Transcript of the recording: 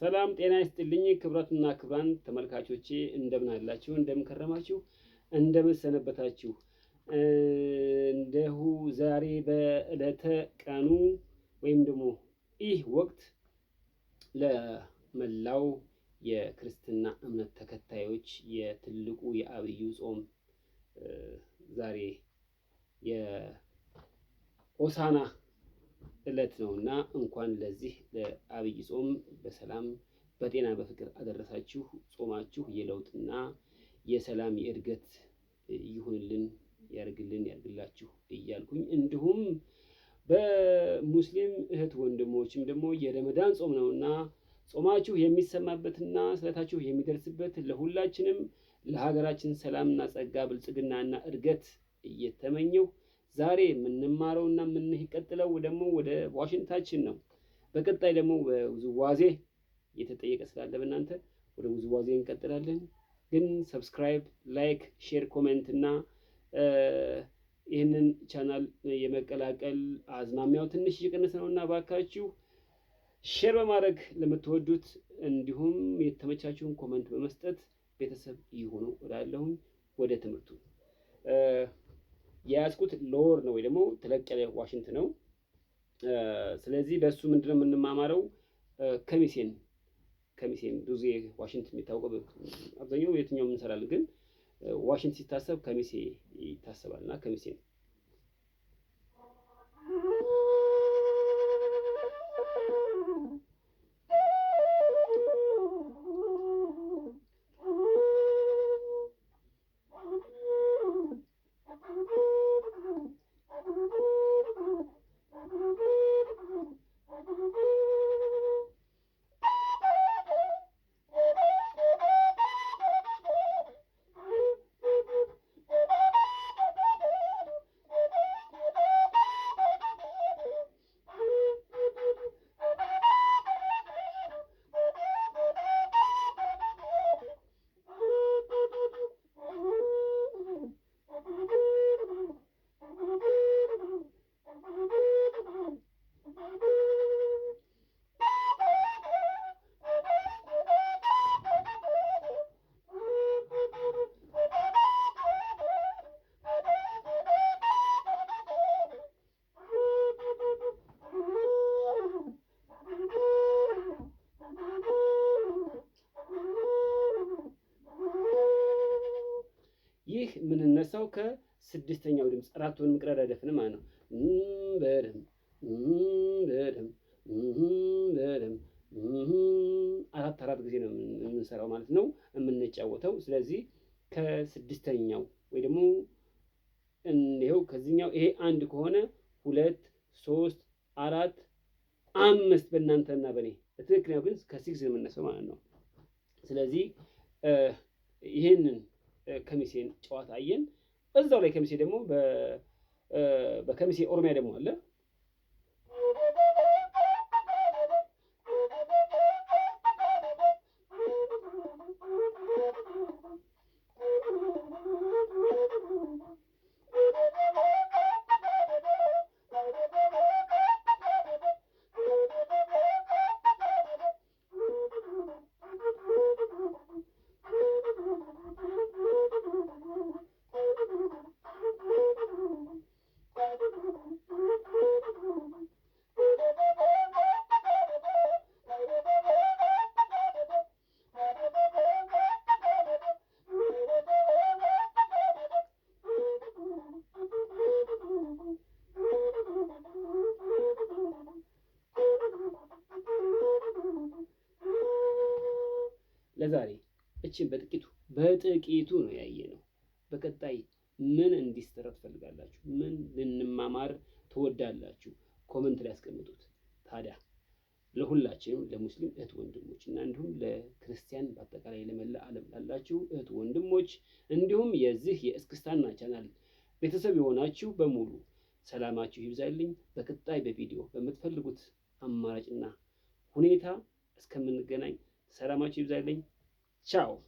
ሰላም ጤና ይስጥልኝ ክብራትና ክብራን ተመልካቾቼ እንደምን አላችሁ? እንደምን ከረማችሁ? እንደምን ሰነበታችሁ? እንደሁ ዛሬ በዕለተ ቀኑ ወይም ደግሞ ይህ ወቅት ለመላው የክርስትና እምነት ተከታዮች የትልቁ የአብዩ ጾም ዛሬ የሆሳዕና ዕለት ነውና እንኳን ለዚህ ለአብይ ጾም በሰላም በጤና በፍቅር አደረሳችሁ። ጾማችሁ የለውጥና የሰላም የእድገት ይሁንልን፣ ያርግልን፣ ያርግላችሁ እያልኩኝ እንዲሁም በሙስሊም እህት ወንድሞችም ደግሞ የረመዳን ጾም ነውና ጾማችሁ የሚሰማበትና ስለታችሁ የሚደርስበት ለሁላችንም ለሀገራችን ሰላምና ጸጋ ብልጽግናና እድገት እየተመኘው ዛሬ እና የምንቀጥለው ደግሞ ወደ ዋሽንታችን ነው። በቀጣይ ደግሞ በውዝዋዜ እየተጠየቀ ስላለ በእናንተ ወደ ውዝዋዜ እንቀጥላለን። ግን ሰብስክራይብ፣ ላይክ፣ ሼር፣ ኮሜንት እና ይህንን ቻናል የመቀላቀል አዝማሚያው ትንሽ እየቀነሰ ነው እና ባካችሁ ሼር በማድረግ ለምትወዱት እንዲሁም የተመቻችሁን ኮመንት በመስጠት ቤተሰብ ይሆኑ እላለሁኝ። ወደ ትምህርቱ የያዝኩት ሎወር ነው ወይ ደግሞ ተለቅ ያለ ዋሽንት ነው። ስለዚህ በእሱ ምንድነው የምንማማረው ከሚሴን ከሚሴን ብዙ ጊዜ ዋሽንት የሚታወቀው አብዛኛው የትኛው እንሰራለን፣ ግን ዋሽንት ሲታሰብ ከሚሴ ይታሰባል እና ከሚሴን የምንነሳው ከስድስተኛው ድምፅ አራቱን ምቅረር አይደፍን ማለት ነው። በደም በደም በደም አራት አራት ጊዜ ነው የምንሰራው ማለት ነው የምንጫወተው። ስለዚህ ከስድስተኛው ወይ ደግሞ እንዲው ከዚህኛው ይሄ አንድ ከሆነ ሁለት ሶስት አራት አምስት በእናንተና በኔ በትክክለኛው ግን ከሲክስ የምነሰው ማለት ነው። ስለዚህ ይህንን ከሚሴን ጨዋታ አየን። እዛው ላይ ከሚሴ ደግሞ በከሚሴ ኦሮሚያ ደግሞ አለ ለዛሬ እችን በጥቂቱ በጥቂቱ ነው ያየ ነው። በቀጣይ ምን እንዲሰራ ትፈልጋላችሁ? ምን ልንማማር ትወዳላችሁ? ኮመንት ላይ ያስቀምጡት። ታዲያ ለሁላችንም ለሙስሊም እህት ወንድሞች እና እንዲሁም ለክርስቲያን በአጠቃላይ ለመላ ዓለም ላላችሁ እህት ወንድሞች እንዲሁም የዚህ የእስክስታና ቻናል ቤተሰብ የሆናችሁ በሙሉ ሰላማችሁ ይብዛልኝ። በቀጣይ በቪዲዮ በምትፈልጉት አማራጭና ሁኔታ እስከምንገናኝ ሰላማችሁ ይብዛልኝ። Tchau.